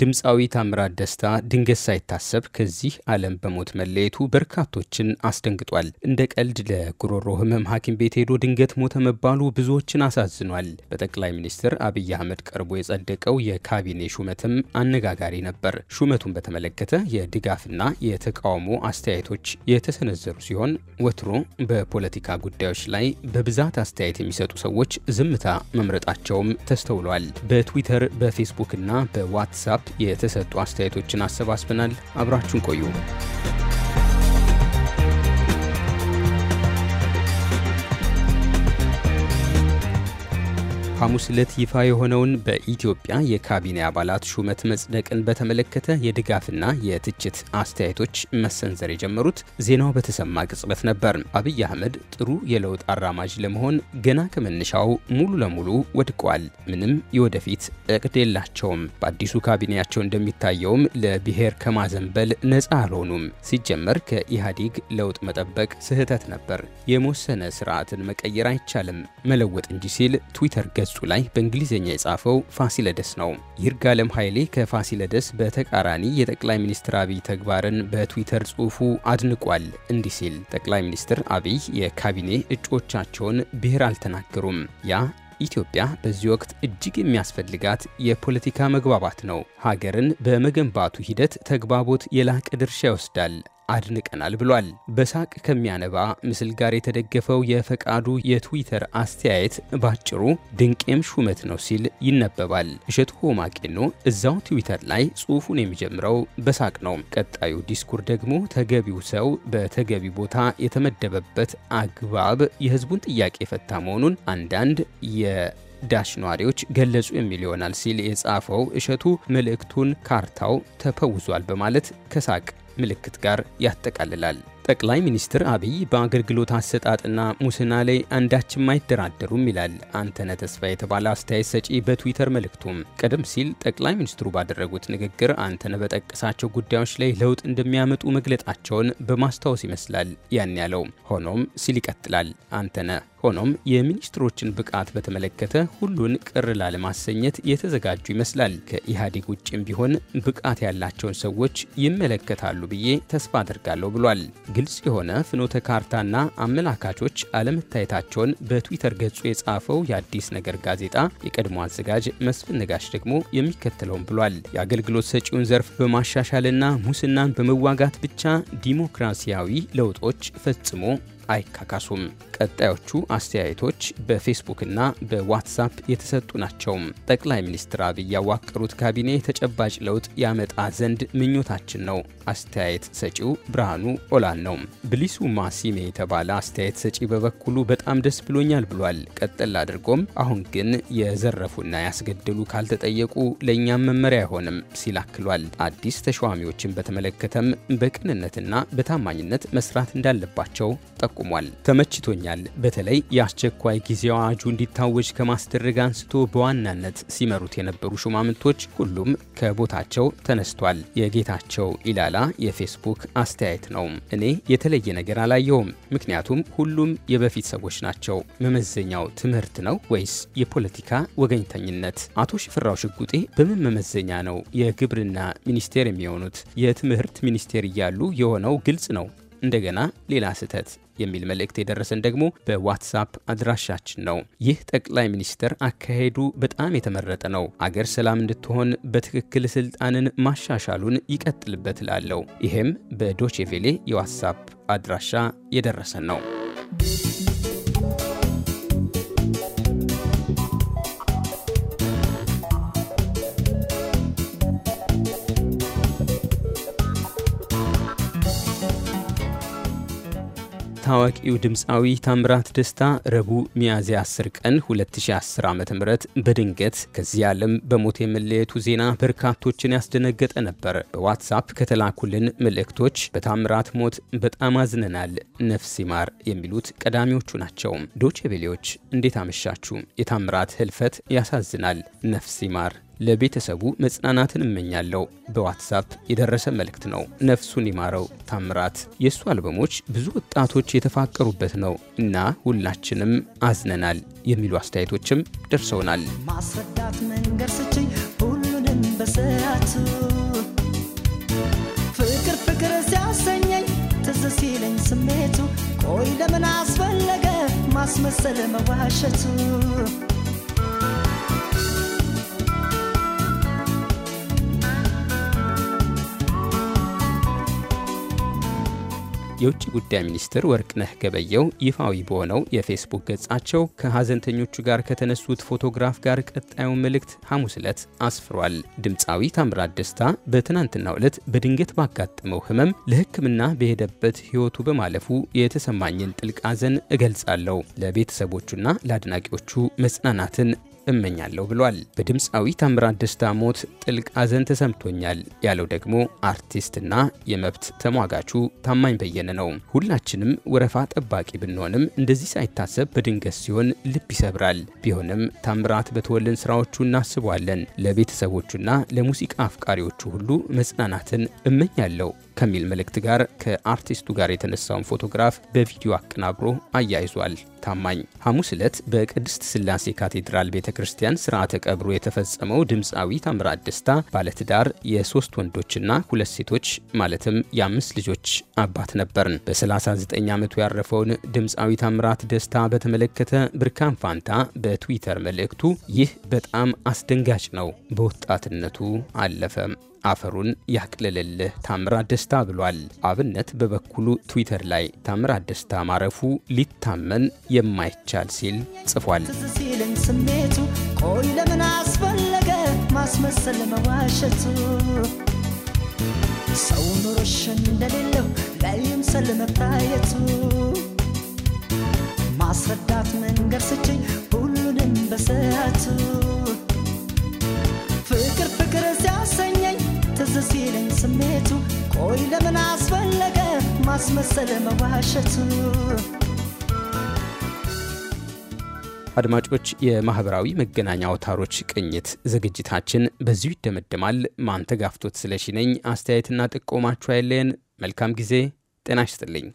ድምፃዊ ታምራት ደስታ ድንገት ሳይታሰብ ከዚህ ዓለም በሞት መለየቱ በርካቶችን አስደንግጧል። እንደ ቀልድ ለጉሮሮ ህመም ሐኪም ቤት ሄዶ ድንገት ሞተ መባሉ ብዙዎችን አሳዝኗል። በጠቅላይ ሚኒስትር አብይ አህመድ ቀርቦ የጸደቀው የካቢኔ ሹመትም አነጋጋሪ ነበር። ሹመቱን በተመለከተ የድጋፍና የተቃውሞ አስተያየቶች የተሰነዘሩ ሲሆን ወትሮ በፖለቲካ ጉዳዮች ላይ በብዛት አስተያየት የሚሰጡ ሰዎች ዝምታ መምረጣቸውም ተስተውሏል። በትዊተር በፌስቡክና በዋትሳፕ የተሰጡ አስተያየቶችን አሰባስበናል። አብራችሁን ቆዩ። ሐሙስ ዕለት ይፋ የሆነውን በኢትዮጵያ የካቢኔ አባላት ሹመት መጽደቅን በተመለከተ የድጋፍና የትችት አስተያየቶች መሰንዘር የጀመሩት ዜናው በተሰማ ቅጽበት ነበር። አብይ አህመድ ጥሩ የለውጥ አራማጅ ለመሆን ገና ከመነሻው ሙሉ ለሙሉ ወድቋል። ምንም የወደፊት እቅድ የላቸውም። በአዲሱ ካቢኔያቸው እንደሚታየውም ለብሔር ከማዘንበል ነፃ አልሆኑም። ሲጀመር ከኢህአዴግ ለውጥ መጠበቅ ስህተት ነበር። የመወሰነ ስርዓትን መቀየር አይቻልም መለወጥ እንጂ ሲል ትዊተር ገጹ ገጹ ላይ በእንግሊዝኛ የጻፈው ፋሲለደስ ነው። ይርጋለም ኃይሌ ከፋሲለደስ በተቃራኒ የጠቅላይ ሚኒስትር አብይ ተግባርን በትዊተር ጽሑፉ አድንቋል። እንዲህ ሲል ጠቅላይ ሚኒስትር አብይ የካቢኔ እጩዎቻቸውን ብሔር አልተናገሩም። ያ ኢትዮጵያ በዚህ ወቅት እጅግ የሚያስፈልጋት የፖለቲካ መግባባት ነው። ሀገርን በመገንባቱ ሂደት ተግባቦት የላቀ ድርሻ ይወስዳል። አድንቀናል ብሏል። በሳቅ ከሚያነባ ምስል ጋር የተደገፈው የፈቃዱ የትዊተር አስተያየት ባጭሩ ድንቄም ሹመት ነው ሲል ይነበባል። እሸቱ ሆማቄኖ እዛው ትዊተር ላይ ጽሑፉን የሚጀምረው በሳቅ ነው። ቀጣዩ ዲስኩር ደግሞ ተገቢው ሰው በተገቢ ቦታ የተመደበበት አግባብ የህዝቡን ጥያቄ የፈታ መሆኑን አንዳንድ የዳሽ ነዋሪዎች ገለጹ የሚል ይሆናል ሲል የጻፈው እሸቱ መልእክቱን ካርታው ተፈውዟል በማለት ከሳቅ ምልክት ጋር ያጠቃልላል። ጠቅላይ ሚኒስትር አብይ በአገልግሎት አሰጣጥና ሙስና ላይ አንዳችም አይደራደሩም ይላል አንተነ ተስፋ የተባለ አስተያየት ሰጪ በትዊተር መልእክቱም። ቀደም ሲል ጠቅላይ ሚኒስትሩ ባደረጉት ንግግር አንተነ በጠቀሳቸው ጉዳዮች ላይ ለውጥ እንደሚያመጡ መግለጣቸውን በማስታወስ ይመስላል ያን ያለው። ሆኖም ሲል ይቀጥላል አንተነ ሆኖም የሚኒስትሮችን ብቃት በተመለከተ ሁሉን ቅር ላለማሰኘት የተዘጋጁ ይመስላል። ከኢህአዴግ ውጭም ቢሆን ብቃት ያላቸውን ሰዎች ይመለከታሉ ብዬ ተስፋ አድርጋለሁ ብሏል። ግልጽ የሆነ ፍኖተ ካርታና አመላካቾች አለመታየታቸውን በትዊተር ገጹ የጻፈው የአዲስ ነገር ጋዜጣ የቀድሞ አዘጋጅ መስፍን ነጋሽ ደግሞ የሚከተለውን ብሏል። የአገልግሎት ሰጪውን ዘርፍ በማሻሻልና ሙስናን በመዋጋት ብቻ ዲሞክራሲያዊ ለውጦች ፈጽሞ አይካካሱም። ቀጣዮቹ አስተያየቶች በፌስቡክና በዋትሳፕ የተሰጡ ናቸው። ጠቅላይ ሚኒስትር አብይ ያዋቀሩት ካቢኔ ተጨባጭ ለውጥ ያመጣ ዘንድ ምኞታችን ነው። አስተያየት ሰጪው ብርሃኑ ኦላን ነው። ብሊሱ ማሲሜ የተባለ አስተያየት ሰጪ በበኩሉ በጣም ደስ ብሎኛል ብሏል። ቀጠል አድርጎም አሁን ግን የዘረፉና ያስገደሉ ካልተጠየቁ ለእኛም መመሪያ አይሆንም ሲል አክሏል። አዲስ ተሿሚዎችን በተመለከተም በቅንነትና በታማኝነት መስራት እንዳለባቸው ጠቁሟል። ተመችቶኛል ይገኛል። በተለይ የአስቸኳይ ጊዜ አዋጁ እንዲታወጅ ከማስደረግ አንስቶ በዋናነት ሲመሩት የነበሩ ሹማምንቶች ሁሉም ከቦታቸው ተነስቷል። የጌታቸው ኢላላ የፌስቡክ አስተያየት ነው። እኔ የተለየ ነገር አላየውም፣ ምክንያቱም ሁሉም የበፊት ሰዎች ናቸው። መመዘኛው ትምህርት ነው ወይስ የፖለቲካ ወገኝተኝነት? አቶ ሽፍራው ሽጉጤ በምን መመዘኛ ነው የግብርና ሚኒስቴር የሚሆኑት? የትምህርት ሚኒስቴር እያሉ የሆነው ግልጽ ነው። እንደገና ሌላ ስህተት የሚል መልእክት የደረሰን ደግሞ በዋትሳፕ አድራሻችን ነው። ይህ ጠቅላይ ሚኒስትር አካሄዱ በጣም የተመረጠ ነው። አገር ሰላም እንድትሆን በትክክል ስልጣንን ማሻሻሉን ይቀጥልበት ላለው ይህም በዶቼቬሌ የዋትሳፕ አድራሻ የደረሰን ነው። ታዋቂው ድምፃዊ ታምራት ደስታ ረቡዕ ሚያዝያ 10 ቀን 2010 ዓ ም በድንገት ከዚህ ዓለም በሞት የመለየቱ ዜና በርካቶችን ያስደነገጠ ነበር። በዋትሳፕ ከተላኩልን መልእክቶች በታምራት ሞት በጣም አዝነናል፣ ነፍስ ይማር የሚሉት ቀዳሚዎቹ ናቸው። ዶቼ ቬሌዎች እንዴት አመሻችሁ? የታምራት ህልፈት ያሳዝናል፣ ነፍስ ይማር ለቤተሰቡ መጽናናትን እመኛለሁ። በዋትሳፕ የደረሰ መልእክት ነው። ነፍሱን ይማረው ታምራት። የእሱ አልበሞች ብዙ ወጣቶች የተፋቀሩበት ነው እና ሁላችንም አዝነናል የሚሉ አስተያየቶችም ደርሰውናል። ማስረዳት መንገድ ስችኝ ሁሉንም በሰዓቱ ፍቅር ፍቅር ሲያሰኘኝ ትዝ ሲለኝ ስሜቱ ቆይ ለምን አስፈለገ ማስመሰል መዋሸቱ የውጭ ጉዳይ ሚኒስትር ወርቅነህ ገበየው ይፋዊ በሆነው የፌስቡክ ገጻቸው ከሐዘንተኞቹ ጋር ከተነሱት ፎቶግራፍ ጋር ቀጣዩን መልእክት ሐሙስ ዕለት አስፍሯል። ድምፃዊ ታምራት ደስታ በትናንትናው ዕለት በድንገት ባጋጠመው ህመም ለሕክምና በሄደበት ሕይወቱ በማለፉ የተሰማኝን ጥልቅ ሐዘን እገልጻለሁ። ለቤተሰቦቹና ለአድናቂዎቹ መጽናናትን እመኛለሁ ብሏል። በድምፃዊ ታምራት ደስታ ሞት ጥልቅ ሐዘን ተሰምቶኛል ያለው ደግሞ አርቲስትና የመብት ተሟጋቹ ታማኝ በየነ ነው። ሁላችንም ወረፋ ጠባቂ ብንሆንም እንደዚህ ሳይታሰብ በድንገት ሲሆን ልብ ይሰብራል። ቢሆንም ታምራት በተወልን ስራዎቹ እናስቧለን። ለቤተሰቦቹና ለሙዚቃ አፍቃሪዎቹ ሁሉ መጽናናትን እመኛለሁ ከሚል መልእክት ጋር ከአርቲስቱ ጋር የተነሳውን ፎቶግራፍ በቪዲዮ አቀናብሮ አያይዟል። ታማኝ ሐሙስ ዕለት በቅድስት ስላሴ ካቴድራል ቤተ ክርስቲያን ስርዓተ ቀብሩ የተፈጸመው ድምፃዊ ታምራት ደስታ ባለትዳር የሶስት ወንዶችና ሁለት ሴቶች ማለትም የአምስት ልጆች አባት ነበርን። በ39 ዓመቱ ያረፈውን ድምፃዊ ታምራት ደስታ በተመለከተ ብርካን ፋንታ በትዊተር መልእክቱ ይህ በጣም አስደንጋጭ ነው፣ በወጣትነቱ አለፈ። አፈሩን ያቅልልልህ ታምራት ደስታ ብሏል። አብነት በበኩሉ ትዊተር ላይ ታምራት ደስታ ማረፉ ሊታመን የማይቻል ሲል ጽፏል። ስሜቱ ቆይ ለምን አስፈለገ ማስመሰል መዋሸቱ ሰው ኑሮሽን እንደሌለው ላይምሰል መታየቱ ማስረዳት መንገድ ስችኝ ሁሉንም በሰያቱ። ትዝ ሲለኝ ስሜቱ ቆይ ለምን አስፈለገ ማስመሰል መዋሸቱ። አድማጮች፣ የማህበራዊ መገናኛ አውታሮች ቅኝት ዝግጅታችን በዚሁ ይደመደማል። ማንተጋፍቶት ስለሺ ነኝ። አስተያየትና ጥቆማችሁ አይለየን። መልካም ጊዜ። ጤና ይስጥልኝ።